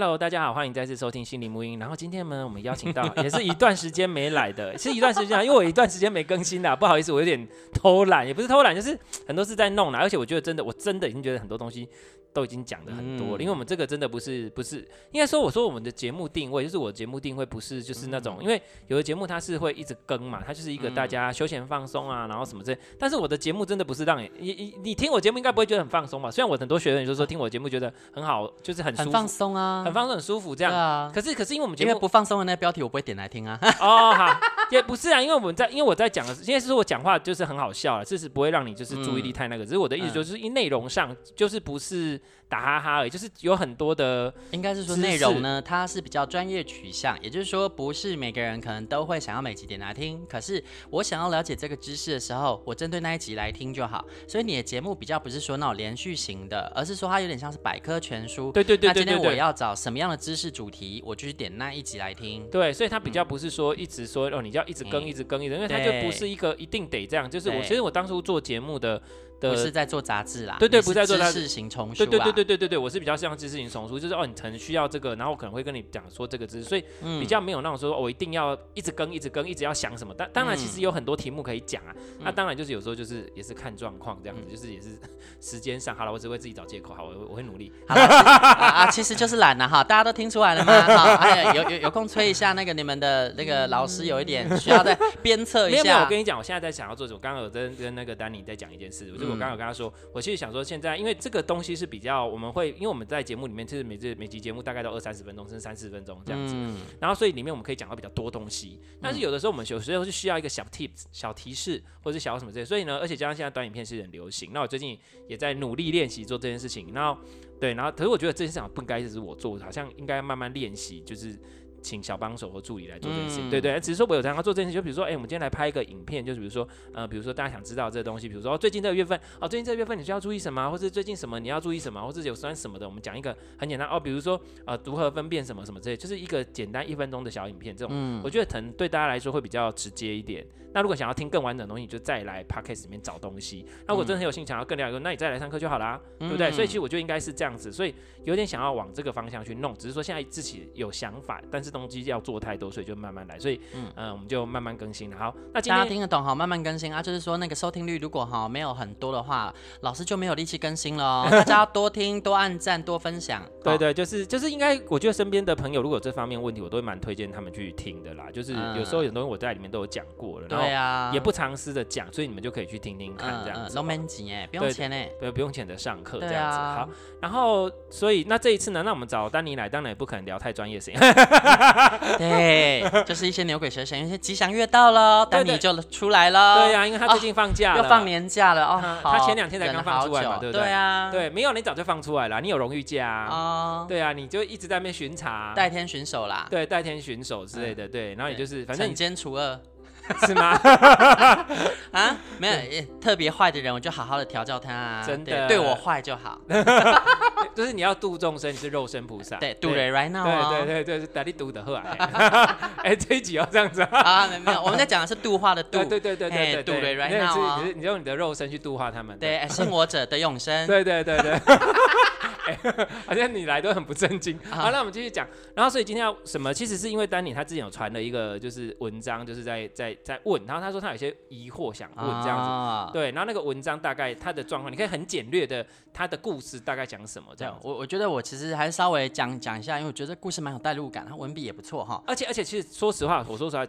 Hello，大家好，歡迎再次收聽心靈沐音。然後今天呢，我們邀請到也是一段時間沒來的， 是一段時間啊，因為我一段時間沒更新啦，不好意思，我有點偷懶，也不是偷懶，就是很多事在弄了，而且我覺得真的，我真的已經覺得很多東西。都已經講的很多了，因為我們這個真的不是，不是應該說，我說我們的節目定位就是，我節目定位不是就是那種，因為有的節目它是會一直更嘛，它就是一個大家休閒放鬆啊，然後什麼之類，但是我的節目真的不是讓你，你你聽我節目應該不會覺得很放鬆吧？雖然我很多學員就說聽我節目覺得很好，就是很舒服很放鬆啊，很放鬆很舒服這樣。可是，可是因為我們節目，因為不放鬆的那個標題我不會點來聽啊。哦，哈也不是啊，因為我們在，因為我在講，現在是說我講話就是很好笑了，這是不會讓你就是注意力太那個。只是我的意思就是，因內容上就是不是。打哈哈哈而已，就是有很多的，應該是說內容呢，它是比較專業取向，也就是說不是每個人可能都會想要每集點來聽。可是我想要了解這個知識的時候，我針對那一集來聽就好。所以你的節目比較不是說那種連續型的，而是說它有點像是百科全書。對對對，對，對，對，對，對，那今天我要找什麼樣的知識主題，我就去點那一集來聽。對，所以它比較不是說、嗯、一直說哦，你就要一直更、嗯、一直更、一直，因為它就不是一個一定得這樣。對就是我其實我當初做節目的。的不是在做雜誌啦，對對，不是在做知識型叢書，啊。書。對對對對對對，對我是比較像知識型叢書，就是哦，你可能需要這個，然後我可能會跟你講說這個知識，所以比較沒有那種說，我、哦、一定要一直跟一直跟，一直要想什麼。但當然，其實有很多題目可以講啊。嗯、那當然就是有時候就是也是看狀況這樣子，嗯、就是也是時間上。好了，我只會自己找借口，好，我我會努力。好 啊，啊，其實就是懶了、啊、哈，大家都聽出來了嗎？好、哦哎，有有有空催一下那個你們的那個老師，有一點需要再鞭策一下。因為我跟你講，我現在在想要做什麼，剛剛我跟跟那個丹尼在講一件事，我就。我剛剛有跟他說，我其實想說，現在因為這個東西是比較，我們會因為我們在節目裡面，其實每次每集節目大概都二三十分鐘，甚至三四十分鐘這樣子，嗯、然後所以裡面我們可以講到比較多東西，但是有的時候我們有時候是需要一個小 tips、小提示或者是小什麼之類，所以呢，而且加上現在短影片是很流行，那我最近也在努力練習做這件事情，然後對，然後可是我覺得這件事不應該是我做，好像應該慢慢練習，就是。請小幫手或助理來做這件事，嗯、對，對對，只是說我有想要做這件事，就比如說，哎、欸，我們今天來拍一個影片，就是比如說，呃，比如說大家想知道這個東西，比如說、哦、最近這個月份，哦，最近這個月份你需要注意什麼，或是最近什麼你要注意什麼，或是有算什麼的，我們講一個很簡單哦，比如說，呃，如何分辨什麼什麼之類，就是一個簡單一分鐘的小影片，這種、嗯、我覺得可能對大家來說會比較直接一點。那如果想要聽更完整的東西，你就再來 Podcast 裡面找東西。那如果真的很有興趣想要更了解，那你再來上課就好啦，對不對？嗯嗯，所以其實我就應該是這樣子，所以有點想要往這個方向去弄，只是說現在自己有想法，但是。東西要做太多，所以就慢慢來。所以，嗯，嗯嗯，我們就慢慢更新。好，那大家聽得懂？好，慢慢更新啊。就是說，那個收聽率如果哈沒有很多的話，老師就沒有力氣更新了。 大家要多聽、多按讚、多分享。對，對對，就是，哦，就是，就是，應該我覺得身邊的朋友如果有這方面問題，我都會蠻推薦他們去聽的啦。就是有時候有東西我在裡面都有講過了，對啊，嗯，也不藏私的講，所以你們就可以去聽聽看這樣子。龍門井誒，嗯，不用錢誒，對，不用錢的上課這樣子。啊，好，然後所以那這一次呢，那我們找丹尼來，當然也不可能聊太專業性。 對，就是一些牛鬼蛇神，有些吉祥月到了，丹尼就出來了。對呀、啊，因為他最近放假、哦，又放年假了哦。他，好他前兩天才剛，剛放出來嘛，對不對？對啊，對，沒有你早就放出來了，你有榮譽假、啊、哦。對啊，你就一直在那邊巡查，代天巡守啦。對，代天巡守之類的，哎、對，然後也就是，反正懲奸除惡。是嗎？沒有特別壞的人，我就好好的調教他啊。真的，對我壞就好。就是你要度眾生，你是肉身菩薩。對，do right now。對對對對，是大力度的化。哎，這一集要這樣子啊？沒有，我們在講的是度化的度。對對對對對，do right now 你用你的肉身去度化他們。對，信我者的永生。對對對對。好像 你來都很不正經。好，啊啊，那我們繼續講。然後，所以今天要什麼？其實是因為丹尼他之前有傳了一個，就是文章，就是在在在問。然後他說他有些疑惑，想問這樣子。啊，對。然後那個文章大概他的狀況，你可以很簡略的他的故事大概講什麼這樣。我我覺得我其實還是稍微講講一下，因為我覺得故事蠻有代入感，他文筆也不錯哈。而且而且其實說實話，我說實話。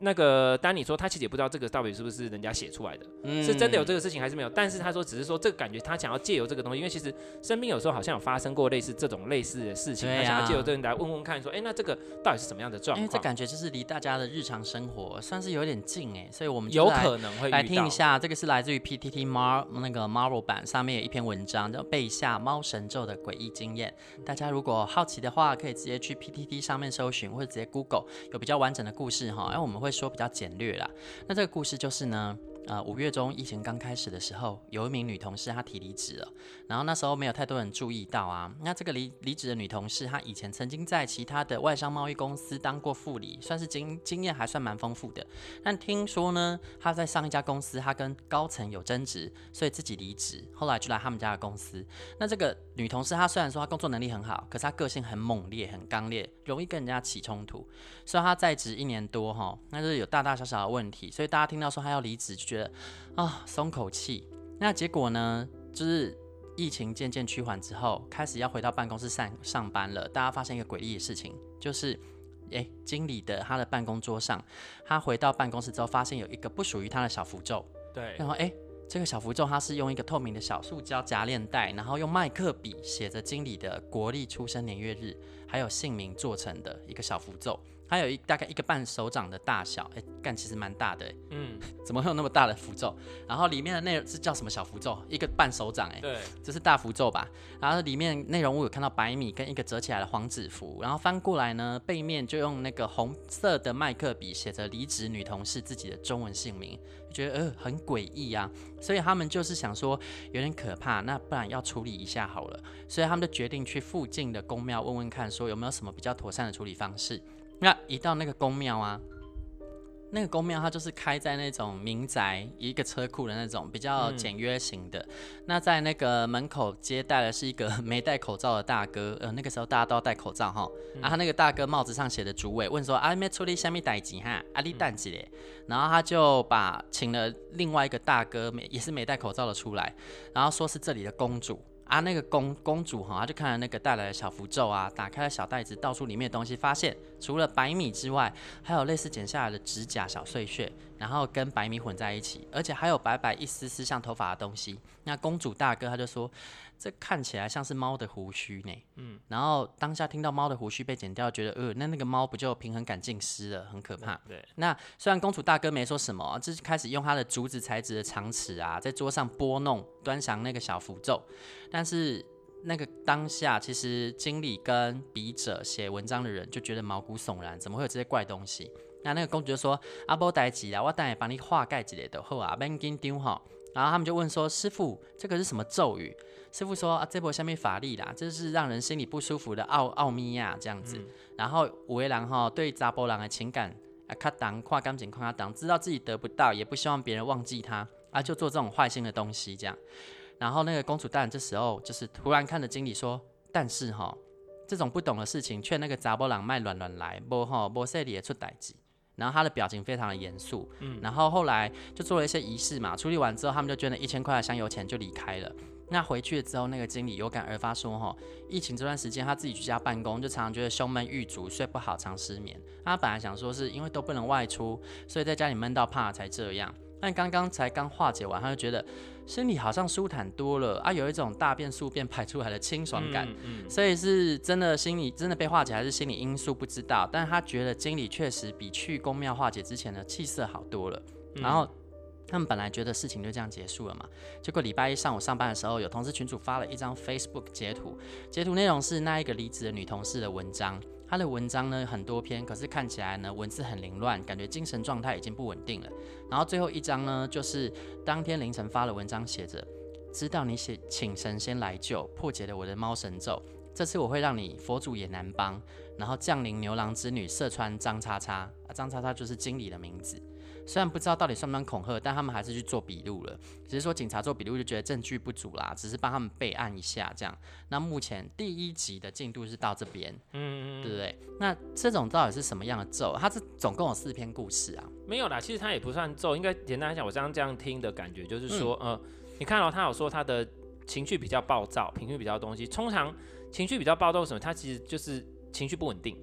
那個丹，丹尼說他其實也不知道這個到底是不是人家寫出來的，嗯、是真的有這個事情還是沒有？但是他說只是說這個感覺，他想要借由這個東西，因為其實生命有時候好像有發生過類似這種類似的事情，他、啊、想要借由這個人來問問看說，說、欸、哎，那這個到底是什麼樣的狀況？因為、欸、這感覺就是離大家的日常生活算是有點近哎、欸，所以我們有可能會來聽一下。這個是來自於 PTT Mar 那個 Marvel 版上面有一篇文章，叫《被下貓神咒的詭異經驗》。大家如果好奇的話，可以直接去 PTT 上面搜尋，或者直接 Google 有比較完整的故事哈。因為我們會。會說比較簡略啦，那這個故事就是呢。呃，五月中疫情剛開始的時候，有一名女同事，她提離職了，然後那時候沒有太多人注意到啊。那這個離離職的女同事，她以前曾經在其他的外商貿易公司當過副理，算是經經驗還算蠻豐富的。但聽說呢，她在上一家公司，她跟高層有爭執，所以自己離職，後來就來他們家的公司。那這個女同事，她雖然說她工作能力很好，可是她個性很猛烈、很剛烈，容易跟人家起衝突。所以她在職一年多哈、哦，那就是有大大小小的問題。所以大家聽到說她要離職，就覺啊，鬆口氣。那結果呢？就是疫情漸漸趨緩之後，開始要回到辦公室上上班了。大家發現一個詭異的事情，就是，哎，經理的他的辦公桌上，他回到辦公室之後，發現有一個不屬於他的小符咒。對。然後，哎，這個小符咒，他是用一個透明的小塑膠夾鏈袋，然後用麥克筆寫着經理的國曆出生年月日還有姓名做成的一個小符咒。它有一大概一個半手掌的大小，哎、欸，但其實蠻大的、欸，嗯，怎麼會有那麼大的符咒？然後裡面的內容是叫什麼小符咒？一個半手掌、欸，哎，對，這是大符咒吧？然後裡面內容物有看到白米跟一個折起來的黃紙符，然後翻過來呢，背面就用那個紅色的麥克筆寫着離職女同事自己的中文姓名，我覺得呃很詭異啊，所以他們就是想說有點可怕，那不然要處理一下好了，所以他們就決定去附近的宮廟問問看，說有沒有什麼比較妥善的處理方式。那、啊、一到那個宮廟啊，那個宮廟它就是開在那種民宅一個車庫的那種比較簡約型的。嗯、那在那個門口接待的是一個沒戴口罩的大哥，呃，那個時候大家都要戴口罩哈。然後、嗯啊、那個大哥帽子上寫的“主委”，問說：“阿妹處理蝦米代誌哈？阿弟代誌咧？”嗯、然後他就把請了另外一個大哥，沒也是沒戴口罩的出來，然後說是這裡的公主。啊，那個公公主哈，她就看了那個帶來的小符咒啊，打開了小袋子，倒出裡面的東西，發現除了白米之外，還有類似剪下來的指甲小碎屑。然後跟白米混在一起，而且還有白白一絲絲像頭髮的東西。那公主大哥他就說，這看起來像是貓的鬍鬚呢、欸。嗯，然後當下聽到貓的鬍鬚被剪掉，覺得呃，那那個貓不就平衡感盡失了，很可怕。嗯、對。那雖然公主大哥沒說什麼，就是開始用他的竹子材質的長尺啊，在桌上撥弄、端詳那個小符咒，但是那個當下，其實經理跟筆者寫文章的人就覺得毛骨悚然，怎麼會有這些怪東西？那那個公主就說：“阿波代誌啊，沒啦，我當然幫你化解之類的貨啊，免緊張哈。”然後他們就問說：“師父，這個是什麼咒語？”師父說：“啊，這波下面法力啦，這是讓人心裡不舒服的奧奧秘呀，亞這樣子。嗯”然後烏維郎哈對扎波郎的情感啊，卡檔跨感情跨檔，知道自己得不到，也不希望別人忘記他啊，就做這種壞心的東西這樣。然後那個公主大人這時候就是突然看着經理說：“但是哈，這種不懂的事情，勸那個扎波郎賣卵卵來，無哈無勢力出代誌。”然後他的表情非常的嚴肅，嗯，然後後來就做了一些儀式嘛，處理完之後，他們就捐了一千塊的香油錢就離開了。那回去之後，那個經理有感而發說：“吼，疫情這段時間，他自己居家辦公，就常常覺得胸悶、鬱堵，睡不好、常失眠。他本來想說是因為都不能外出，所以在家裡悶到怕才這樣。但剛剛才剛化解完，他就覺得。”心裡好像舒坦多了啊，有一種大便宿便排出來的清爽感，嗯嗯、所以是真的心裡真的被化解，還是心理因素不知道。但他覺得經理確實比去宮廟化解之前的氣色好多了。嗯、然後他們本來覺得事情就這樣結束了嘛，結果禮拜一上午上班的時候，有同事群主發了一張 Facebook 截圖，截圖內容是那一個離職的女同事的文章。他的文章呢，很多篇，可是看起來呢文字，很凌亂，感覺精神狀態已經不穩定了。然後最後一章呢，就是當天凌晨發的文章，寫着：“知道你寫請神仙來救，破解了我的貓神咒，這次我會讓你佛祖也難幫，然後降臨牛郎織女射穿張叉叉啊，張叉叉就是經理的名字。”雖然不知道到底算不算恐嚇，但他們還是去做筆錄了。只是說警察做筆錄就覺得證據不足啦，只是幫他們備案一下這樣。那目前第一集的進度是到這邊，嗯，對不對？那這種到底是什麼樣的咒？它是總共有四篇故事啊？沒有啦，其實它也不算咒，應該簡單來講，我這樣這樣聽的感覺就是說，嗯、呃，你看到、喔、他有說他的情緒比較暴躁，情緒比較東西，通常情緒比較暴躁什麼？他其實就是情緒不穩定。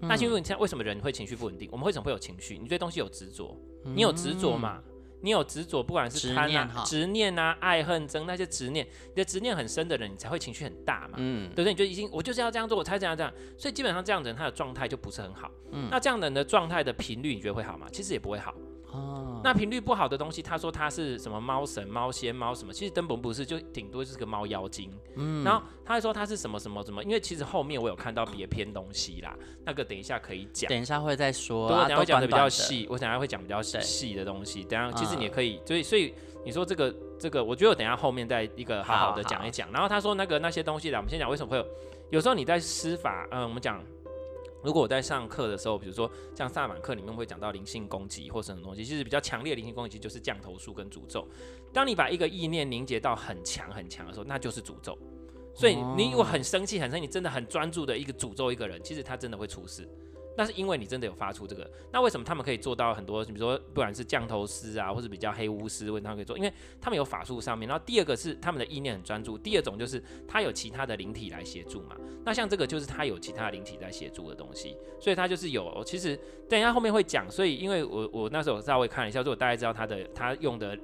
那請問你現在為什麼人會情緒不穩定？我們為什麼會有情緒？你對東西有執着。你有執着嘛？嗯、你有執着不管是貪婪、執念啊、愛恨爭那些執念，你的執念很深的人，你才會情緒很大嘛。嗯，對不對？你就已經，我就是要這樣做，我才這樣這樣。所以基本上這樣的人，他的狀態就不是很好。嗯，那這樣的人的狀態的頻率，你覺得會好嗎？其實也不會好。哦，那頻率不好的東西，他說他是什麼貓神、貓仙、貓什麼，其實根本不是，就頂多就是個貓妖精。嗯，然後他還說他是什麼什麼什麼，因為其實後面我有看到別的篇東西啦，那個等一下可以講，等一下會再說、啊。對，我等我講的比較細，斷斷，我等一下會講比較細的東西。對等下其實你也可以，所以所以你說這個這個，我覺得我等一下後面再一個好好的講一講。好好好，然後他說那個那些東西啦，我們先講為什麼會有，有時候你在施法，嗯，我們講。如果我在上課的時候，比如說像薩滿課裡面會講到靈性攻擊或什麼東西，其實比較強烈的靈性攻擊就是降頭術跟詛咒。當你把一個意念凝結到很強很強的時候，那就是詛咒。所以你如果很生氣、很生氣，你真的很專注的一個詛咒一個人，其實他真的會出事。那是因為你真的有發出這個。那為什麼他們可以做到很多？比如說，不管是降頭師啊，或者比較黑巫師，問他們可以做？因為他們有法術上面。然後第二個是他們的意念很專注。第二種就是他有其他的靈體來協助嘛。那像這個就是他有其他靈體在協助的東西，所以他就是有。其實等一下後面會講。所以因為我我那時候稍微看一下，如果大家知道他的他用的，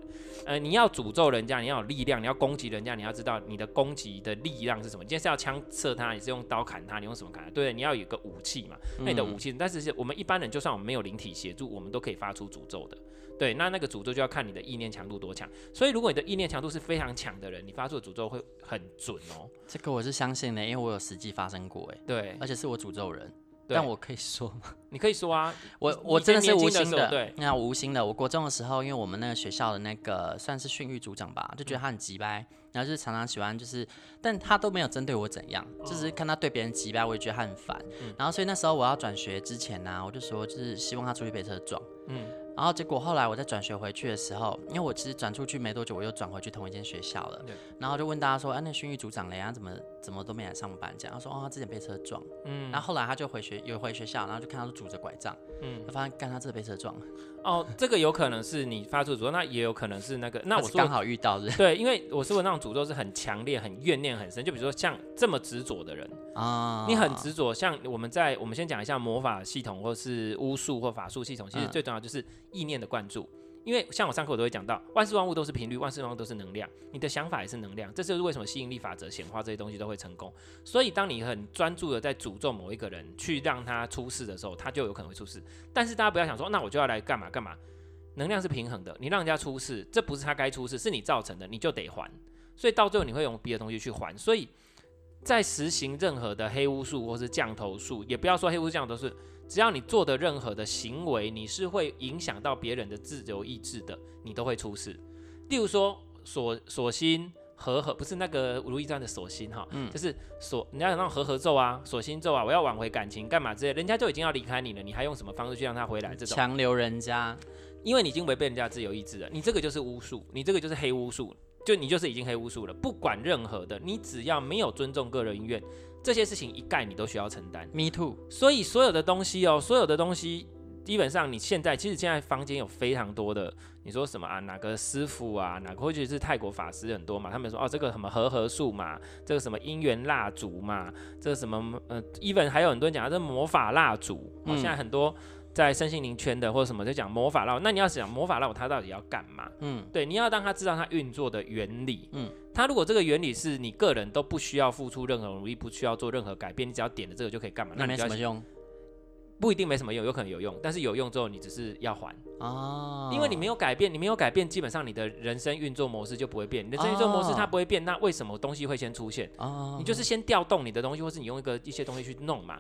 呃，你要詛咒人家，你要有力量，你要攻擊人家，你要知道你的攻擊的力量是什麼。你今天是要槍射他，你是用刀砍他，你用什麼砍？對，你要有個武器嘛。那你的武但是是我們一般人，就算我們沒有靈體協助，我們都可以發出詛咒的。對，那那個詛咒就要看你的意念強度多強。所以如果你的意念強度是非常強的人，你發出的詛咒會很準哦。這個我是相信的，因為我有實際發生過哎。對，而且是我詛咒人，對但我可以說嗎？你可以說啊。 我我真，我真的是無心的，那對對無心的。我國中的時候，因為我們那個學校的那個算是訓育組長吧，就覺得他很急掰。嗯然後就是常常喜歡就是，但他都沒有針對我怎樣，Oh. 就是看他對別人急吧，我也覺得他很煩。嗯。然後所以那時候我要轉學之前呢、啊，我就說就是希望他出去被車撞。嗯。然後結果後來我在轉學回去的時候，因為我其實轉出去沒多久，我又轉回去同一間學校了。對然後就問大家說：“哎、啊，那訓育組長人怎麼怎麼都沒來上班？”這樣，他說：“哦，之前被車撞。”嗯。然後後來他就回學，有回學校，然後就看到他拄着拐杖，嗯，發現幹他真的被車撞了。哦，這個有可能是你發出時候，那也有可能是那個， 那我剛好遇到人。對，因為我是說那種詛咒是很強烈、很怨念很深，就比如說像這麼執着的人啊，哦，你很執着。哦，像我們在，我們先講一下魔法系統，或是巫術或法術系統，其實最重要就是。嗯意念的灌注，因為像我上課我都會講到，萬事萬物都是頻率，萬事萬物都是能量，你的想法也是能量，這就是為什麼吸引力法則、顯化這些東西都會成功。所以，當你很專注的在詛咒某一個人，去讓他出事的時候，他就有可能會出事。但是大家不要想說，那我就要來幹嘛幹嘛？能量是平衡的，你讓人家出事，這不是他該出事，是你造成的，你就得還。所以到最後你會用別的東西去還。所以在實行任何的黑巫術或是降頭術，也不要說黑巫降頭術。只要你做的任何的行為，你是會影響到別人的自由意志的，你都會出事。例如說，鎖鎖心和和不是那個如懿傳的鎖心哈、哦，嗯，就是鎖人家那種和合咒啊，鎖心咒啊，我要挽回感情幹嘛之類，人家就已經要離開你了，你還用什麼方式去讓他回來？這種強留人家，因為你已經違背人家自由意志了，你這個就是巫術，你這個就是黑巫術。就你就是已經黑巫術了，不管任何的，你只要沒有尊重個人意願，這些事情一概你都需要承擔。Me too。所以所有的東西哦，所有的東西，基本上你現在其實現在坊間有非常多的，你說什麼啊？哪個師傅啊？哪個或者是泰國法師很多嘛？他們說哦，這個什麼和合術嘛，這個什麼姻緣蠟燭嘛，這個什麼呃，even 還有很多人講的這魔法蠟燭。哦嗯，現在很多。在身心靈圈的或者什麼，就講魔法烙。那你要想魔法烙，它到底要幹嘛？嗯，對，你要讓他知道它運作的原理。嗯，它如果這個原理是你個人都不需要付出任何努力，不需要做任何改變，你只要點了這個就可以幹嘛？那，你那沒什麼用，不一定沒什麼用，有可能有用。但是有用之後，你只是要還啊，哦、因為你沒有改變，你沒有改變，基本上你的人生運作模式就不會變。你的人生運作模式它不會變，哦、那為什麼東西會先出現？啊、哦，你就是先調動你的東西，或是你用一個一些東西去弄嘛。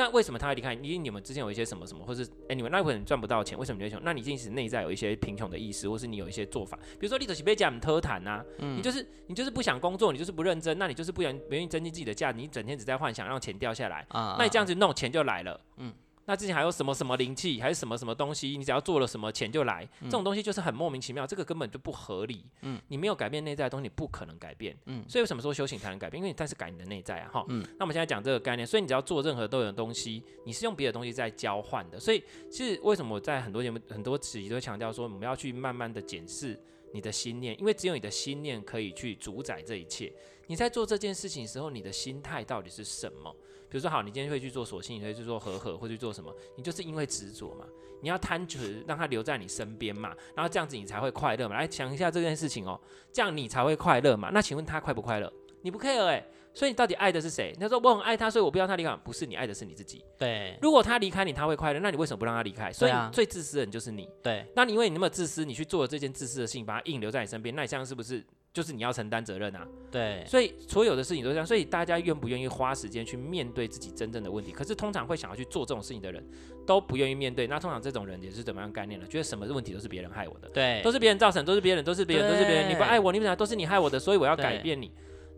那為什麼他會離開？因為你們之前有一些什麼什麼，或是哎、欸，你們那會兒賺不到錢，為什麼你就窮？那你其實內在有一些貧窮的意思，或是你有一些做法，比如說你就是被講、啊，你偷懶吶，你就是你就是不想工作，你就是不認真，那你就是不願不願意珍惜自己的價值，你整天只在幻想讓錢掉下來啊啊啊，那你這樣子弄，錢就來了。嗯，那之前還有什麼什麼靈氣，還是什麼什麼東西？你只要做了什麼，錢就來。嗯、這種東西就是很莫名其妙，這個根本就不合理。嗯，你沒有改變內在的東西，你不可能改變。嗯，所以為什麼說修行才能改變？因為你但是改你的內在啊，哈。嗯，那我們現在講這個概念，所以你只要做任何都有的東西。東西，你是用別的東西在交換的，所以其實為什麼我在很多節目、很多主題都強調說，我們要去慢慢的檢視你的心念，因為只有你的心念可以去主宰這一切。你在做這件事情的時候，你的心態到底是什麼？比如說，好，你今天會去做索性，你會去做和合，或去做什麼？你就是因為執着嘛，你要貪執讓他留在你身邊嘛，然後這樣子你才會快樂嘛。來想一下這件事情哦、喔，這樣你才會快樂嘛。那請問他快不快樂？你不快樂哎。所以你到底愛的是誰？他說我很愛他，所以我不要他離開。不是，你愛的是你自己。對，如果他離開你，他會快樂，那你為什麼不讓他離開？所以最自私的人就是你。對，那你因為你那麼自私，你去做了這件自私的事情，把他硬留在你身邊，那你現在是不是就是你要承擔責任啊？對，所以所有的事情都這樣，所以大家願不願意花時間去面對自己真正的問題？可是通常會想要去做這種事情的人，都不願意面對。那通常這種人也是怎麼樣概念呢？覺得什麼問題都是別人害我的，對，都是別人造成，都是別人，都是別人，都是別人。對你不愛我，你不想愛，都是你害我的，所以我要改變你。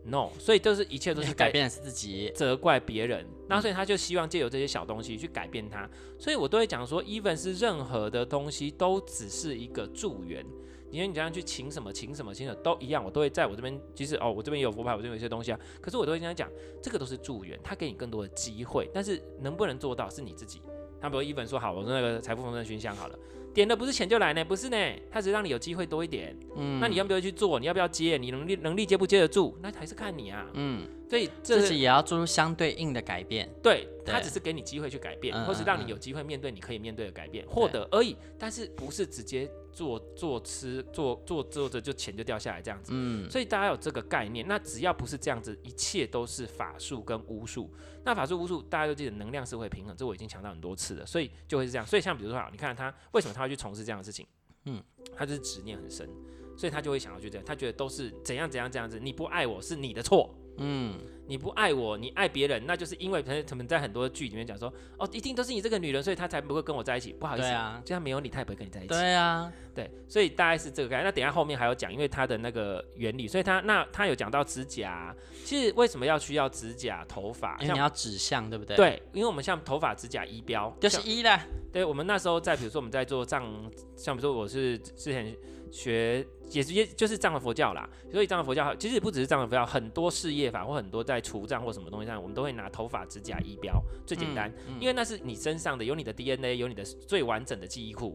no，所以就是一切都是改變是自己，責怪別人，那所以他就希望借由這些小東西去改變他，所以我都會講說，even 是任何的東西都只是一個助緣，因為你這樣去請什麼，請什麼，請什麼都一樣，我都會在我這邊，其實哦，我這邊有佛牌，我這邊有一些東西啊，可是我都會跟他講，這個都是助緣，他給你更多的機會，但是能不能做到是你自己。他比如 even 說好，我說那個財富豐盛熏香好了。點的不是錢就來呢？不是呢，他只是讓你有機會多一點。嗯，那你要不要去做？你要不要接？你能力能力接不接得住？那還是看你啊。嗯，所以這是也要做出相對應的改變。對，他對只是給你機會去改變，或是讓你有機會面對你可以面對的改變，獲、嗯嗯嗯、得而已。但是不是直接。做做吃做做做着就錢就掉下來這樣子，嗯，所以大家有這個概念，那只要不是這樣子，一切都是法術跟巫術。那法術巫術大家都記得能量是會平衡，這我已經強調很多次了，所以就會是這樣。所以像比如說啊，你看他為什麼他會去從事這樣的事情，嗯，他就是執念很深，所以他就會想要去這樣，他覺得都是怎樣怎樣這樣子，你不愛我是你的錯，嗯。你不愛我，你愛別人，那就是因為他們他們在很多劇裡面講說，哦，一定都是你這個女人，所以他才不會跟我在一起。不好意思，對啊，就算沒有你，他也不會跟你在一起。對啊，對，所以大概是這個概念。那等一下後面還要講，因為他的那個原理，所以他那他有講到指甲，其實為什麼要需要指甲、頭髮？因為你要指向，對不對？對，因為我們像頭髮、指甲一標就是一了。對，我們那時候在，比如說我們在做像像，比如說我是之前學。也直接就是藏傳佛教啦，所以藏傳佛教其實也不只是藏傳佛教，很多事業法或很多在除障或什麼東西上，我們都會拿頭髮、指甲、衣標最簡單。嗯，嗯。因為那是你身上的，有你的 DNA，有你的最完整的記憶庫。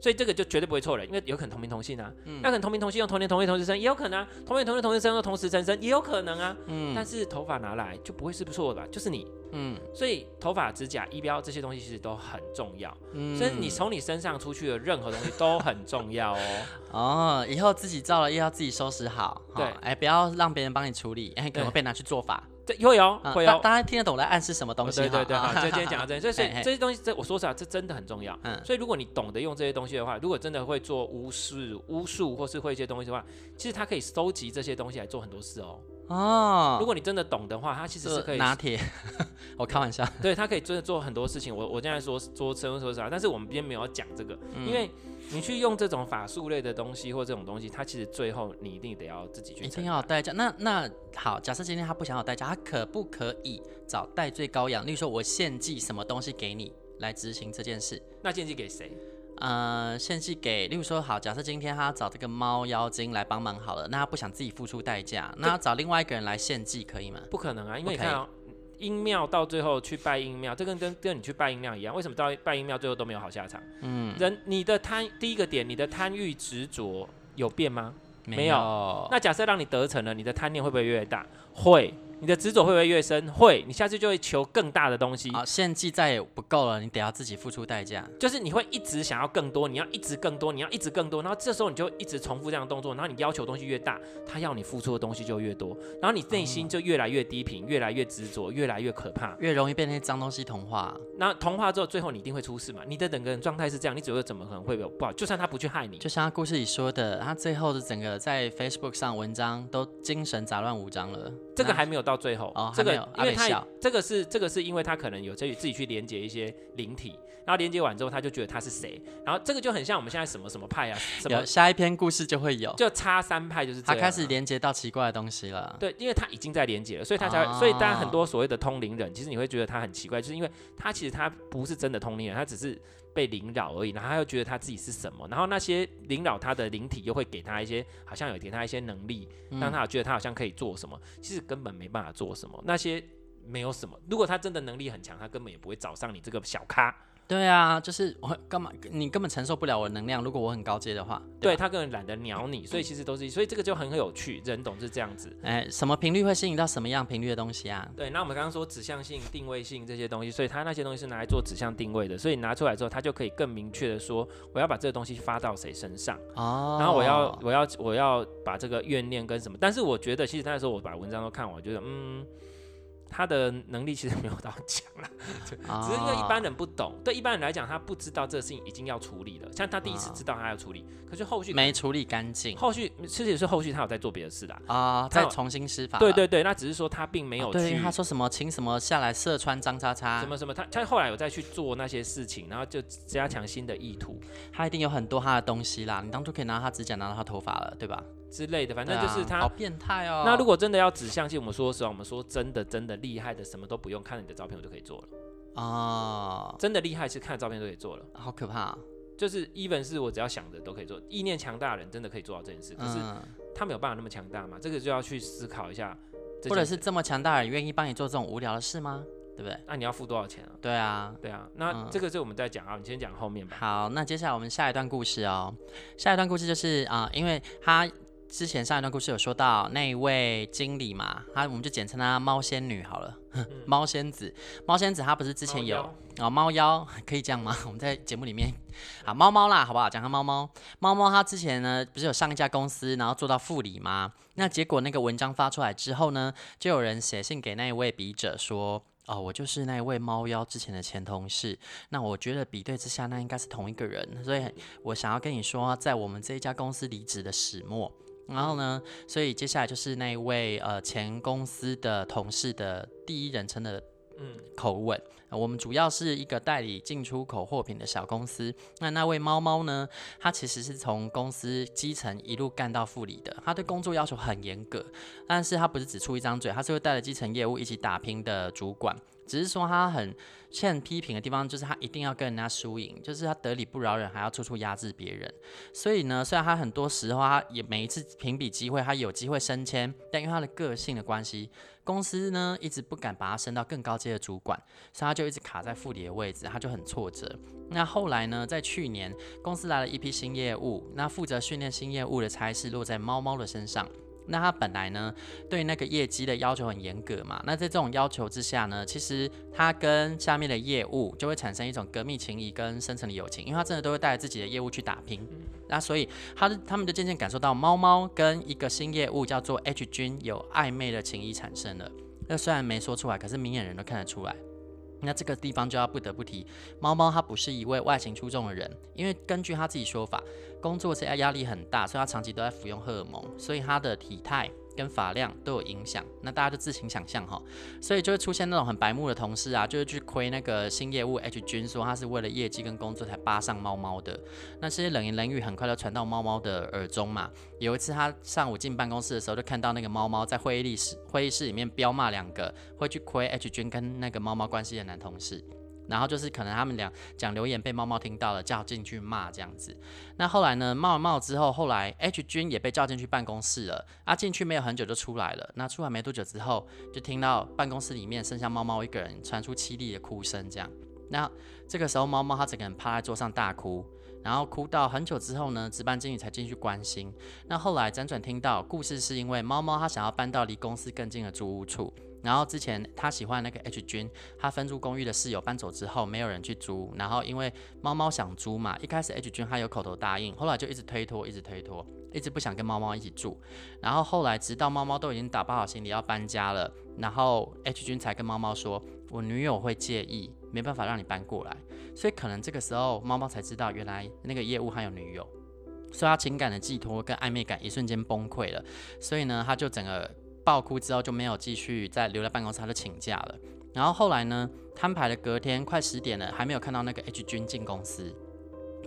所以這個就絕對不會錯了，因為有可能同名同姓啊，嗯、那可能同名同姓用同年同月同日生也有可能啊，同年同月同日生又同時辰生，用同時成生也有可能啊，嗯、但是頭髮拿來就不會是不錯的吧？就是你，嗯，所以頭髮、指甲、衣標這些東西其實都很重要，嗯、所以你從你身上出去的任何東西都很重要哦， 哦，以後自己造了又要自己收拾好，對，哎、哦欸，不要讓別人幫你處理，哎、欸，可能會被你拿去做法。會有會有，會有大家聽得懂來暗示什麼東西？哦、對對對，就、啊、對今天講到這裡。哈哈哈哈所以，所以嘿這些東西，這我說實話，這真的很重要。嗯、所以如果你懂得用這些東西的話，如果真的會做巫術、巫術或是會一些東西的話，其實他可以收集這些東西來做很多事、喔、哦。哦，如果你真的懂的話，他其實是可以拿鐵。我開玩笑，對他可以真的做很多事情。我我現在說做車，說啥？但是我們今天沒有講這個，嗯、因為。你去用這種法術類的東西，或這種東西，它其實最後，你一定得要自己去承擔。一定要代價？那那好，假設今天他不想有代價，他可不可以找代罪羔羊？例如說，我獻祭什麼東西給你來執行這件事？那獻祭給誰？呃，獻祭給，例如說，好，假設今天他要找這個貓妖精來幫忙好了，那他不想自己付出代價，那他找另外一個人來獻祭可以嗎？不可能啊，因為你看、喔。Okay. 陰廟到最後去拜陰廟，這跟跟跟你去拜陰廟一樣，為什麼到拜陰廟最後都沒有好下場？嗯，人，人你的貪第一個點，你的貪欲執着有變嗎？沒有。那假設讓你得逞了，你的貪念會不會越來越大？會。.你的執着會不會越深？會，你下次就會求更大的東西。啊，獻祭再也不夠了，你得要自己付出代價。就是你會一直想要更多，你要一直更多，你要一直更多，然後這時候你就一直重複這樣的動作，然後你要求東西越大，他要你付出的東西就越多，然後你內心就越來越低頻，嗯，越來越執着，越來越可怕，越容易被那些髒東西同化。那同化之後，最後你一定會出事嘛。你的整個人狀態是這樣，你只會，怎麼可能會有不好？就算他不去害你，就像他故事裡說的，他最後的整個在 Facebook 上文章都精神雜亂無章了。這個還沒有到最後，哦、這個因為它、啊、這個是、啊、這個是因為它可能有在自己去連接一些靈體。然後連接完之後，他就覺得他是誰。然後這個就很像我們現在什麼什麼派啊，什麼有下一篇故事就會有，就叉三派就是這樣、啊、他開始連接到奇怪的東西了。對，因為他已經在連接了，所以他才會、哦、所以當然很多所謂的通靈人，其實你會覺得他很奇怪，就是因為他其實他不是真的通靈人，他只是被靈擾而已。然後他又覺得他自己是什麼，然後那些靈擾他的靈體又會給他一些好像有給他一些能力，讓他覺得他好像可以做什麼，嗯、其實根本沒辦法做什麼。那些沒有什麼，如果他真的能力很強，他根本也不會找上你這個小咖。對啊，就是我幹嘛，你根本承受不了我的能量，如果我很高階的話，對、對他根本懶得鳥你，所以其實都是，所以這個就很有趣，人總是這樣子。哎，什麼頻率會吸引到什麼樣頻率的東西啊？對，那我們剛剛說指向性、定位性這些東西，所以它那些東西是拿來做指向定位的，所以拿出來之後，它就可以更明確地說，我要把這個東西發到誰身上啊？哦、然後我要我要我要把這個怨念跟什麼？但是我覺得，其實那時候我把文章都看完，我覺得嗯。他的能力其實沒有到強啦，只是因為一般人不懂。對一般人來講，他不知道這事情已經要處理了。像他第一次知道他要處理，可是後續沒處理乾淨。後續其實也是後續他有在做別的事啦，啊，再重新施法。對對對，那只是說他並沒有。對，他說什麼清什麼下來射穿張叉叉什麼什麼，他他後來有再去做那些事情，然後就加強新的意圖。嗯，他一定有很多他的東西啦，你當初可以拿他指甲，拿到他頭髮了，對吧？之類的，反正就是他，啊、好變態哦。那如果真的要指向性，我們，說實話，我們說真的，真的厲害的，什麼都不用看你的照片，我就可以做了哦，嗯、真的厲害是看照片都可以做了，好可怕，哦！就是 even 是我只要想着都可以做，意念強大的人真的可以做到這件事，可是他沒有辦法那麼強大嘛，這個就要去思考一下，或者是這麼強大的人願意幫你做這種無聊的事嗎？對不對？那，啊、你要付多少錢，啊？對啊，對啊，那這個就我們在講，嗯、啊，你先講後面吧。好，那接下來我們下一段故事哦，下一段故事就是啊、呃，因為他。之前上一段故事有說到那一位經理嘛，他我們就簡稱他貓仙女好了，貓仙子，貓仙子他不是之前有啊貓妖、哦、貓妖可以這樣嗎？我們在節目裡面啊貓貓啦，好不好？講他貓貓，貓貓他之前呢不是有上一家公司，然後做到副理嗎？那結果那個文章發出來之後呢，就有人寫信給那一位筆者說，哦，我就是那一位貓妖之前的前同事，那我覺得比對之下，那應該是同一個人，所以我想要跟你說，在我們這一家公司離職的始末。然後呢，所以接下來就是那一位呃前公司的同事的第一人稱的嗯口吻。嗯、我們主要是一個代理進出口貨品的小公司。那那位貓貓呢，他其實是從公司基層一路幹到副理的。他對工作要求很嚴格，但是他不是只出一張嘴，他是會帶着基層業務一起打拼的主管。只是說他很欠批評的地方，就是他一定要跟人家輸贏，就是他得理不饒人，還要處處壓制別人。所以呢，雖然他很多時候他也每一次評比機會，他有機會升遷，但因為他的個性的關係，公司呢一直不敢把他升到更高階的主管，所以他就一直卡在副理的位置，他就很挫折。那後來呢，在去年公司來了一批新業務，那負責訓練新業務的差事落在貓貓的身上。那他本來呢，對那個業績的要求很嚴格嘛。那在這種要求之下呢，其實他跟下面的業務就會產生一種革命情誼跟深層的友情，因為他真的都會帶着自己的業務去打拼。嗯、那所以他他們就漸漸感受到貓貓跟一個新業務叫做 H 君有曖昧的情誼產生了。那雖然沒說出來，可是明眼人都看得出來。那這個地方就要不得不提貓貓，他不是一位外形出眾的人，因為根據他自己說法。工作實在壓力很大，所以他長期都在服用荷爾蒙，所以他的體態跟髮量都有影響。那大家就自行想象哈，所以就會出現那種很白目的同事啊，就會、是、去虧那個新業務 H 君說他是為了業績跟工作才巴上貓貓的。那些冷言冷語很快就傳到貓貓的耳中嘛。有一次他上午進辦公室的時候，就看到那個貓貓在會議室、會議室裡面彪罵兩個會去虧 H 君跟那個貓貓關係的男同事。然後就是可能他們倆講留言，被貓貓聽到了，叫進去罵這樣子。那後來呢？罵完罵之後，後來 H 君，也被叫進去辦公室了。啊，進去沒有很久就出來了。那出來沒多久之後，就聽到辦公室裡面剩下貓貓一個人，傳出凄厲的哭聲。這樣，那這個時候貓貓他整個人趴在桌上大哭，然後哭到很久之後呢，值班經理才進去關心。那後來輾轉聽到故事，是因為貓貓他想要搬到離公司更近的租屋處。然後之前他喜歡的那個 H 君，他分租公寓的室友搬走之後，沒有人去租。然後因為貓貓想租嘛，一開始 H 君他有口頭答應，後來就一直推脫，一直推脫，一直不想跟貓貓一起住。然後後來直到貓貓都已經打包好行李要搬家了，然後 H 君才跟貓貓說：“我女友會介意，沒辦法讓你搬過來。”所以可能這個時候貓貓才知道原來那個業務還有女友，所以他情感的寄托跟曖昧感一瞬間崩潰了。所以呢，他就整個。爆哭之後就沒有繼續在留在辦公室，他就請假了。然後後來呢，攤牌的隔天快十點了，還沒有看到那個 H 君進公司。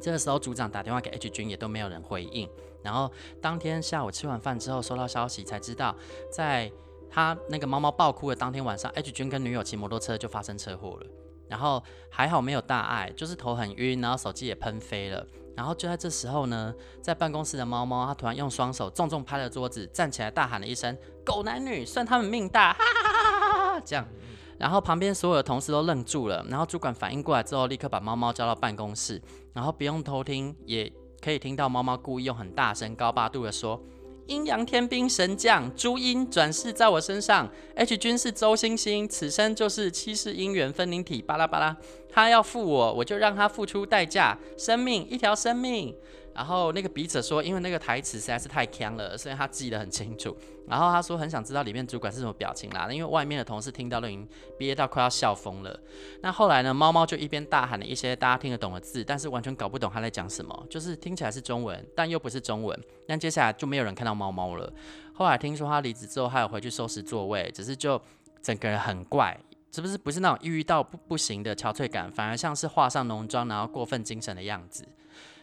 這個時候組長打電話給 H 君，也都沒有人回應。然後當天下午吃完飯之後，收到消息才知道，在他那個貓貓爆哭的當天晚上，H 君跟女友騎摩托車就發生車禍了。然後還好沒有大礙，就是頭很暈，然後手機也噴飛了。然後就在這時候呢，在辦公室的貓貓它突然用雙手重重拍了桌子，站起來大喊了一聲：“狗男女，算他們命大！”哈哈哈哈，這樣。然後旁邊所有的同事都愣住了。然後主管反應過來之後，立刻把貓貓叫到辦公室。然後不用偷聽，也可以聽到貓貓故意用很大聲、高八度的說。陰陽天兵神將朱茵轉世在我身上，H 君是周星星，此生就是七世姻緣分靈體巴拉巴拉，他要負我，我就讓他付出代價，生命一條生命。然後那個筆者說，因為那個台詞實在是太 can 了，所以他記得很清楚。然後他說很想知道裡面主管是什麼表情啦，因為外面的同事聽到都已經憋到快要笑瘋了。那後來呢，貓貓就一邊大喊了一些大家聽得懂的字，但是完全搞不懂他在講什麼，就是聽起來是中文，但又不是中文。那接下來就沒有人看到貓貓了。後來聽說他離職之後，還有回去收拾座位，只是就整個人很怪，是不是不是那種抑鬱到不不行的憔悴感，反而像是化上濃妝然後過分精神的樣子。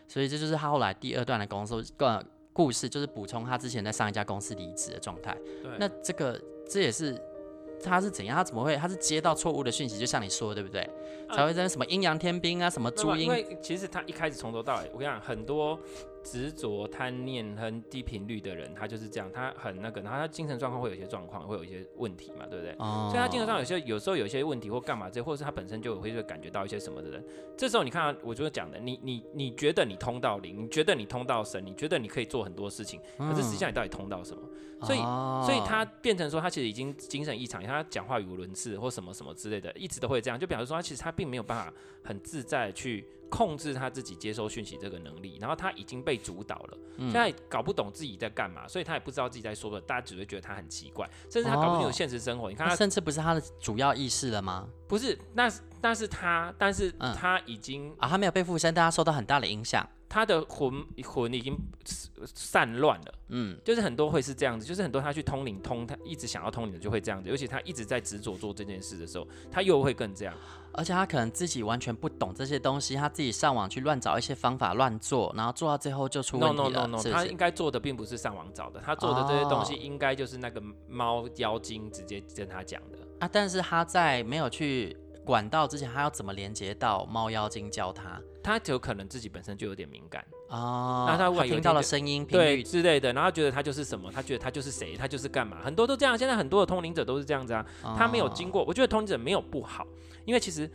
所以這就是他後來第二段的公司個故事，就是補充他之前在上一家公司離職的狀態。對，那這個這也是他是怎樣，他怎麼會他是接到錯誤的訊息，就像你說的，對不對？啊、才會在什麼陰陽天兵啊，什麼朱茵，因為其實他一開始從頭到尾，我跟你講，很多。執着、貪念和低頻率的人，他就是這樣，他很那個，然後他精神狀況會有一些狀況，會有一些問題嘛，對不對？Oh. 所以他精神上有些，有時候有一些問題或幹嘛這，或者是他本身就會會感覺到一些什麼的人，這時候你看，我就會講的，你你你覺得你通到靈，你覺得你通到神，你覺得你可以做很多事情，可是實際上你到底通到什麼？Um. 所以，所以他變成說，他其實已經精神異常，他講話語無倫次或什麼什麼之類的，一直都會這樣，就表示說他其實他並沒有辦法很自在去。控制他自己接收訊息這個能力，然後他已經被主導了，嗯、現在搞不懂自己在幹嘛，所以他也不知道自己在說的，大家只會覺得他很奇怪，甚至他搞不清楚現實生活。哦、你看他，甚至不是他的主要意識了嗎？不是，那那是他，但是他已經、嗯、啊，他沒有被附身，但他受到很大的影響。他的魂魂已經散亂了，嗯，就是很多會是這樣子，就是很多他去通靈，通他一直想要通靈的就會這樣子，尤其他一直在執着做這件事的時候，他又會更這樣。而且他可能自己完全不懂這些東西，他自己上網去亂找一些方法亂做，然後做到最後就出問題了。No no no no，no，是不是？他應該做的並不是上網找的，他做的這些東西應該就是那個貓妖精直接跟他講的啊。哦、啊，但是他在沒有去。管道之前，他要怎麼連接到貓妖精教他？他就可能自己本身就有點敏感啊。那、哦、他如果聽到了聲音對之類的，然後覺得他就是什麼，他覺得他就是誰，他就是幹嘛？很多都這樣。現在很多的通靈者都是這樣子啊。哦、他沒有經過，我覺得通靈者沒有不好，因為其實。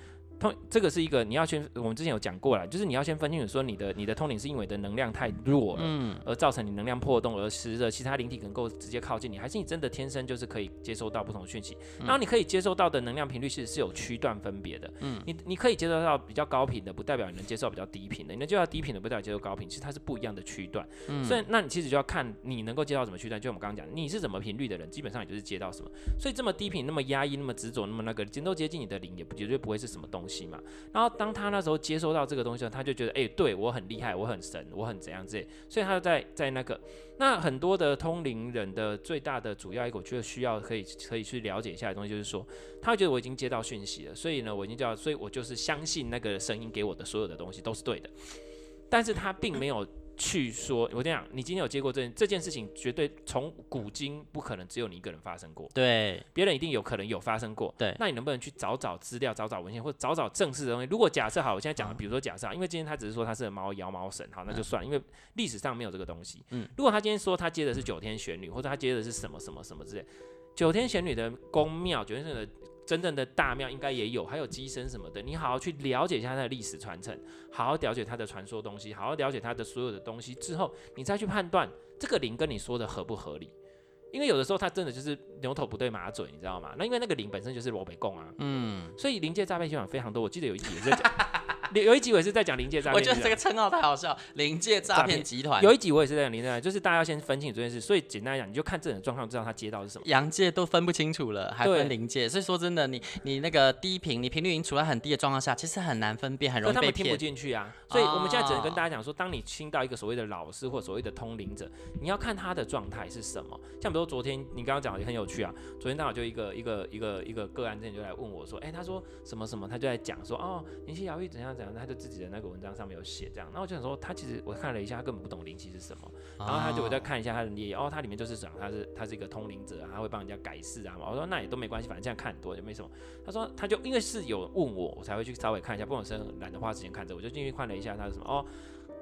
通這個是一個你要先，我們之前有講過了，就是你要先分清楚說你的你的通靈是因為你的能量太弱了，嗯、而造成你能量破洞，而使得其他靈體能夠直接靠近你，還是你真的天生就是可以接收到不同的訊息。嗯、然後你可以接收到的能量頻率是是有區段分別的，嗯，你你可以接收到比較高頻的，不代表你能接受比較低頻的，你能接受低頻的，不代表你接受高頻，其實它是不一樣的區段。嗯、所以那你其實就要看你能夠接到什麼區段，就我們剛剛講你是什麼頻率的人，基本上你就是接到什麼。所以這麼低頻，那麼壓抑，那麼執着，那麼那個，全都接近你的靈，也不絕對不會是什麼東西嘛，然後當他那時候接收到這個東西，他就覺得，哎、欸，對我很厲害，我很神，我很怎樣子，所以他就在在那個那很多的通靈人的最大的主要一個，我覺得需要可以可以去了解一下的東西，就是說，他覺得我已經接到訊息了，所以呢，我已經叫，所以我就是相信那個聲音給我的所有的東西都是對的，但是他並沒有。去說，我這樣，你今天有接過這件這件事情，絕對從古今不可能只有你一個人發生過，對，別人一定有可能有發生過，對，那你能不能去找找資料，找找文獻，或者找找正式的東西？如果假設好，我現在講的，比如說假設，因為今天他只是說他是貓搖毛神。好，那就算，嗯，因為歷史上沒有這個東西，嗯，如果他今天說他接的是九天玄女，或者他接的是什麼什麼什麼之類，九天玄女的宮廟，九天玄女的。真正的大廟應該也有，還有乩身什麼的，你好好去了解一下它的歷史傳承，好好了解它的傳說東西，好好了解它的所有的東西之後，你再去判斷這個靈跟你說的合不合理，因為有的時候它真的就是牛頭不對馬嘴，你知道嗎？那因為那個靈本身就是羅北貢啊，嗯，所以靈界詐騙現象非常多，我記得有一集也在講。有一集我也是在講靈界詐騙，我覺得這個稱號太好笑，靈界詐騙騙集團團。有一集我也是在講靈界，就是大家要先分清這件事。所以簡單來講，你就看這種狀況，知道他接到是什麼。陽界都分不清楚了，還分靈界。對所以說真的，你你那個低頻，你頻率已經處在很低的狀況下，其實很難分辨，很容易被騙。但他們聽不進去啊。所以我們現在只能跟大家講說，oh. 當你聽到一個所謂的老師或所謂的通靈者，你要看他的狀態是什麼。像比如說昨天你剛剛講的也很有趣啊，昨天剛好就一個一個一個一個個案件就來問我說，哎、欸，他說什麼什麼，他就在講說哦，你去療癒怎樣怎。然後他就自己的那個文章上面有寫這樣，然後我就想說他其實我看了一下，他根本不懂靈氣是什麼。然後他就我再看一下他的爺爺，哦，他裡面就是講他是他是一個通靈者，啊，他會幫人家改事啊嘛。我說那也都沒關係，反正這樣看很多就沒什麼。他說他就因為是有問我，我才會去稍微看一下。不，管是懶得花時間看着，我就進去看了一下他什麼。哦，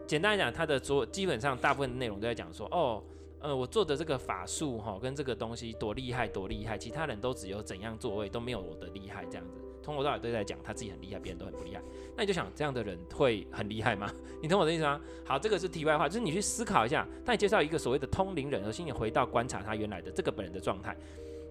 簡單來講，他的作基本上大部分內容都在講說，哦，呃，我做的這個法術哈，跟這個東西多厲害多厲害，其他人都只有怎樣作為都沒有我的厲害這樣子。從頭到尾都在講他自己很厲害，別人都很不厲害。那你就想，這樣的人會很厲害嗎？你懂我的意思嗎？好，這個是題外話，就是你去思考一下。當你介紹一個所謂的通靈人，而請你回到觀察他原來的這個本人的狀態，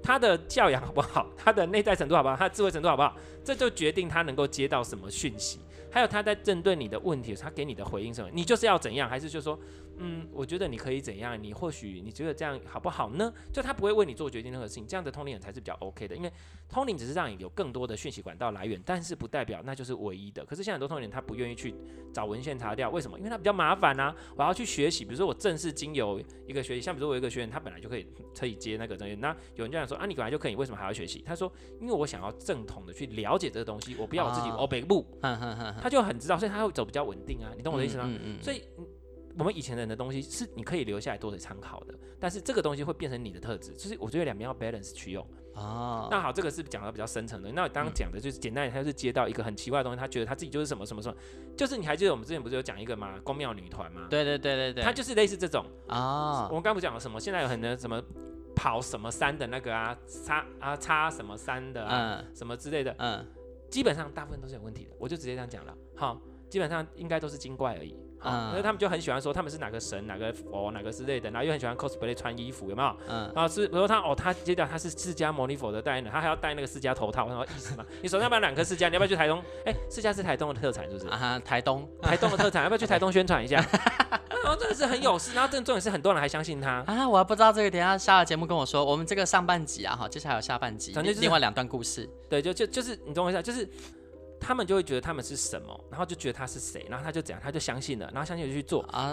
他的教養好不好？他的內在程度好不好？他的智慧程度好不好？這就決定他能夠接到什麼訊息。還有他在針對你的問題，他給你的回應什麼？你就是要怎樣，還是就是說，嗯，我覺得你可以怎樣？你或許你覺得這樣好不好呢？就他不會為你做決定任何事情，這樣的通靈人才是比較 OK 的，因為通靈只是讓你有更多的訊息管道來源，但是不代表那就是唯一的。可是現在很多通靈人他不願意去找文獻查掉，為什麼？因為他比較麻煩啊，我要去學習。比如說我正式經由一個學習，像比如說我一個學員，他本來就可以可以接那個東西。那有人這樣說，啊，你本來就可以，為什麼還要學習？他說，因為我想要正統的去了解這個東西，我不要我自己走背步。啊 他就很知道，所以他會走比較穩定啊，你懂我的意思嗎？嗯嗯。嗯嗯所以，我們以前人的東西是你可以留下來多的參考的，但是這個東西會變成你的特質，就是我覺得兩邊要 balance 去用、哦、那好，這個是講的比較深層的，那我剛剛講的就是簡單一點，他就是接到一個很奇怪的東西，他覺得他自己就是什麼什麼什麼，就是你還記得我們之前不是有講一個嘛，宮廟女團嘛？對對對對對。他就是類似這種啊。哦、我們剛剛不講了什麼？現在有很多什麼跑什麼山的那個啊，插啊插什麼山的啊，嗯、什麼之類的，嗯。基本上大部分都是有問題的，我就直接這樣講了。好，基本上應該都是精怪而已。哦、嗯，所以他們就很喜歡說他們是哪個神、哪個佛、哪個之類的，然後又很喜歡 cosplay 穿衣服，有沒有？嗯，然後、啊、是比如說他哦，他接着他是釋迦牟尼佛的代言人，他還要戴那個釋迦頭套，有什麼意思嘛？你手上要買兩顆釋迦，你要不要去台東？哎、欸，釋迦是台東的特產，是不是？啊，台東，台東的特產， 要不要去台東宣傳一下？然後 Okay. 啊、真的是很有事。然後真的重點是很多人還相信他啊！我還不知道這個，等下下了節目跟我說，我們這個上半集啊，哈，接下來還有下半集，反正就是、另外兩段故事，對，就就就是你懂我意思，就是。他們就會覺得他們是什麼，然後就覺得他是誰，然後他就怎樣，他就相信了，然後相信就去做。啊啊、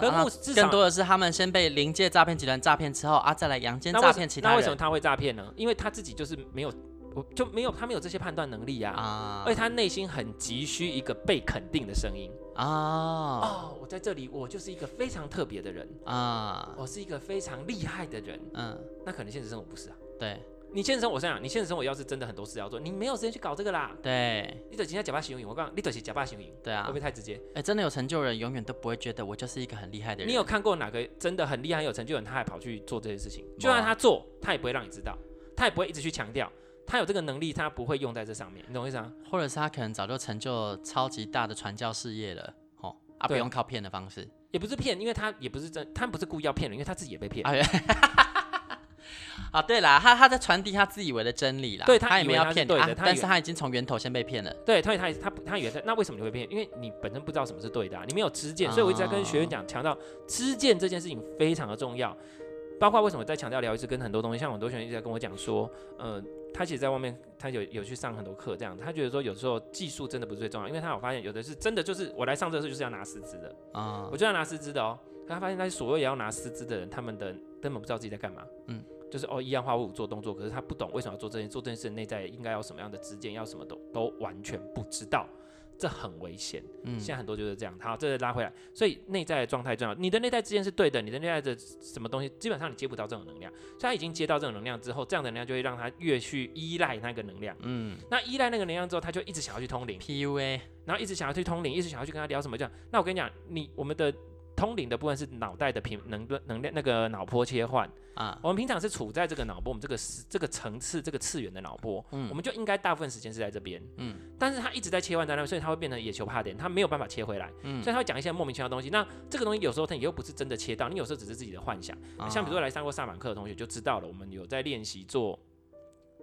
更多的是他們先被靈界詐騙集團詐騙之後啊，再來陽間詐騙其他那。那為什麼他會詐騙呢？因為他自己就是沒有，我就沒有，他沒有這些判斷能力啊。啊。而他內心很急需一個被肯定的聲音啊。哦，我在這裡，我就是一個非常特別的人啊。我是一個非常厲害的人。嗯、啊。那可能現實生活不是啊。對。你現實生活你現實生活要是真的很多事要做，你沒有時間去搞這個啦。對，你得先假髮行雲。我告訴你，你得先假髮行雲。對啊，會不會太直接？哎、欸，真的有成就人永遠都不會覺得我就是一個很厲害的人。你有看過哪個真的很厲害、有成就人，他還跑去做這些事情？就算嗎他做，他也不會讓你知道，他也不會一直去強調他有這個能力，他不會用在這上面。你懂我意思啊？或者是他可能早就成就超級大的傳教事業了，哦啊，不用靠騙的方式，啊、也不是騙，因為他也不是真，他不是故意要騙人，因為他自己也被騙。 啊，oh, 對啦，他他在傳遞他自以為的真理啦。對他也沒有要騙他對的他但是他已經從源頭先被騙了。對，他，他也他他,他以為在那為什麼你會騙？因為你本身不知道什麼是對的、啊，你沒有知見，所以我一直在跟學員講，uh oh. 強調知見這件事情非常的重要。包括為什麼在強調療癒師跟很多東西，像很多學員一直在跟我講說，嗯、呃，他其實在外面他有有去上很多課，這樣他覺得說有時候技術真的不是最重要，因為他有發現有的是真的就是我來上這個課就是要拿師資的啊，uh oh. 我就要拿師資的哦。他發現那些所有也要拿師資的人，他們的根本不知道自己在幹嘛，嗯、uh。Oh. 就是哦，依樣畫虎做動作，可是他不懂為什麼要做這件，做這件事內在應該要什麼樣的支點，要什麼都都完全不知道，這很危險。嗯，現在很多就是這樣。好，這是、個、拉回來，所以內在的狀態重要。你的內在之間是對的，你的內在的什麼東西，基本上你接不到這種能量。所以他已經接到這種能量之後，這樣的能量就會讓他越去依賴那個能量。嗯，那依賴那個能量之後，他就一直想要去通靈，PUA，唄然後一直想要去通靈，一直想要去跟他聊什麼這樣。那我跟你講，你我們的。通靈的部分是腦袋的平能的能量，那個腦波切換啊，我們平常是處在這個腦波，我們這個是這個層次這個次元的腦波，我們就應該大部分時間是在這邊，嗯，但是他一直在切換在那邊，所以他會變成野球怕點，他沒有辦法切回來，嗯，所以他會講一些莫名其妙的東西。那這個東西有時候他也又不是真的切到，你有時候只是自己的幻想。像比如說來上過薩滿課的同學就知道了，我們有在練習做，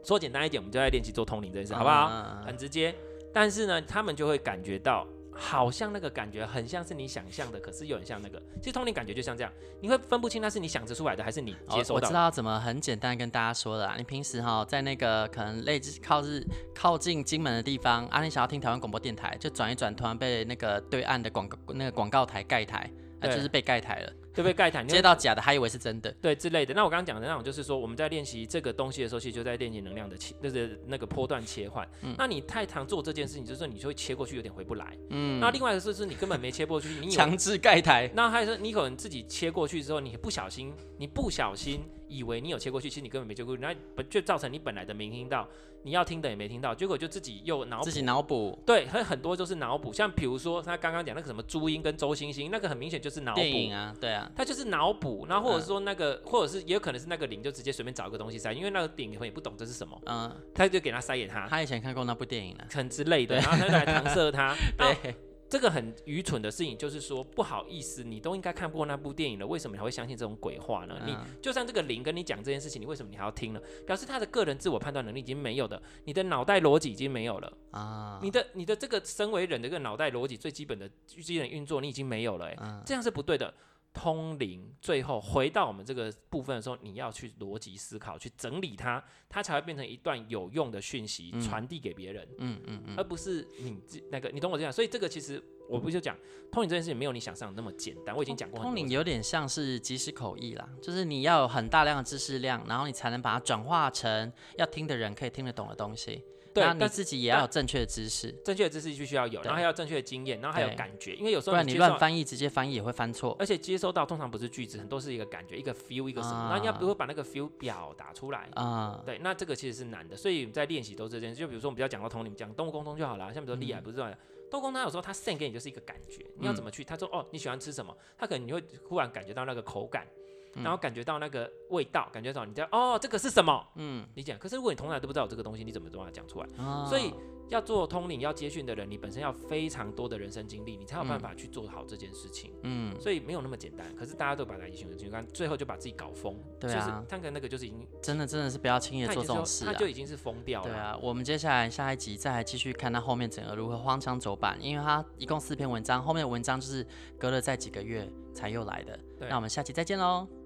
說簡單一點，我們就在練習做通靈這件事，好不好？很直接，但是呢，他們就會感覺到。好像那個感覺很像是你想象的，可是又很像那個。其實通靈感覺就像這樣，你會分不清那是你想着出來的還是你接受的。哦，我知道怎麼很簡單跟大家說了。你平時哈在那個可能類似靠近靠近金門的地方，啊，你想要聽台灣廣播電台，就轉一轉，突然被那個對岸的廣告那個廣告台蓋台，那對了，啊、就是被蓋台了。就被蓋台接到假的還以為是真的，對之類的。那我剛剛講的那種就是說，我們在練習這個東西的時候，其實就在練習能量的切，那個那個波段切換。嗯。那你太常做這件事情，就是說你就會切過去有點回不來。嗯。那另外一個是，是你根本沒切過去，你強制蓋台。那還是你可能自己切過去之後，你不小心，你不小心以為你有切過去，其實你根本沒切過去，那本就造成你本來的沒聽到，你要聽的也沒聽到，結果就自己又腦補自己腦補。對，很很多就是腦補，像比如說他剛剛講那個什麼朱茵跟周星星，那個很明顯就是腦補啊，對啊。他就是腦補，然後或者說那個，嗯、或者是也有可能是那個靈就直接隨便找一個東西塞，因為那個靈可能也不懂這是什麼，嗯，他就給他塞給他。他以前看過那部電影了，很之類的，對然後他就來搪塞他。對，這個很愚蠢的事情就是說，不好意思，你都應該看過那部電影了，為什麼你還會相信這種鬼話呢？嗯、你就像這個靈跟你講這件事情，你為什麼你還要聽呢？表示他的個人自我判斷能力已經沒有了，你的腦袋邏輯已經沒有了啊！嗯、你的你的這個身為人的一個腦袋邏輯最基本的最基本運作你已經沒有了、欸，哎、嗯，這樣是不對的。通靈，最後回到我們這個部分的時候，你要去邏輯思考，去整理它，它才會變成一段有用的訊息傳遞、嗯、給別人。嗯嗯嗯，嗯嗯而不是你那個，你懂我這樣。所以這個其實我不就講、嗯、通靈這件事情沒有你想象的那麼簡單。我已經講過，通靈有點像是即時口譯啦，就是你要有很大量的知識量，然後你才能把它轉化成要聽的人可以聽得懂的東西。對啊，那你自己也要有正確的知識，正確的知識必須要有，對然後還要有正確的經驗，然後還有感覺，對因為有時候你亂翻譯，直接翻譯也會翻錯，而且接收到通常不是句子，很多是一個感覺，一個 feel，一個什麼，那、啊、你要比如說把那個 feel 表達出來啊，對，那這個其實是難的，所以在練習都是這樣，就比如說我們比較講到同你們講動物溝通就好了，像比如說厲害不是這樣，動物溝通它有時候它 send 給你就是一個感覺，你要怎麼去？他說哦，你喜歡吃什麼？他可能你會忽然感覺到那個口感。嗯、然後感覺到那個味道，感覺到你知道哦，這個是什麼？嗯，你講。可是如果你從來都不知道有這個東西，你怎麼把它講出來？哦、所以要做通靈、要接訊的人，你本身要非常多的人生經歷，你才有辦法去做好這件事情。嗯，所以沒有那麼簡單。可是大家都把他移行訊息關，最後就把自己搞瘋。對啊，他跟那個就是已經真的真的是不要輕易的做這種事，他就已經是瘋掉了、啊。對啊，我們接下來下一集再繼續看他後面整個如何荒腔走板，因為他一共四篇文章，後面的文章就是隔了再幾個月才又來的。對，那我們下期再見嘍。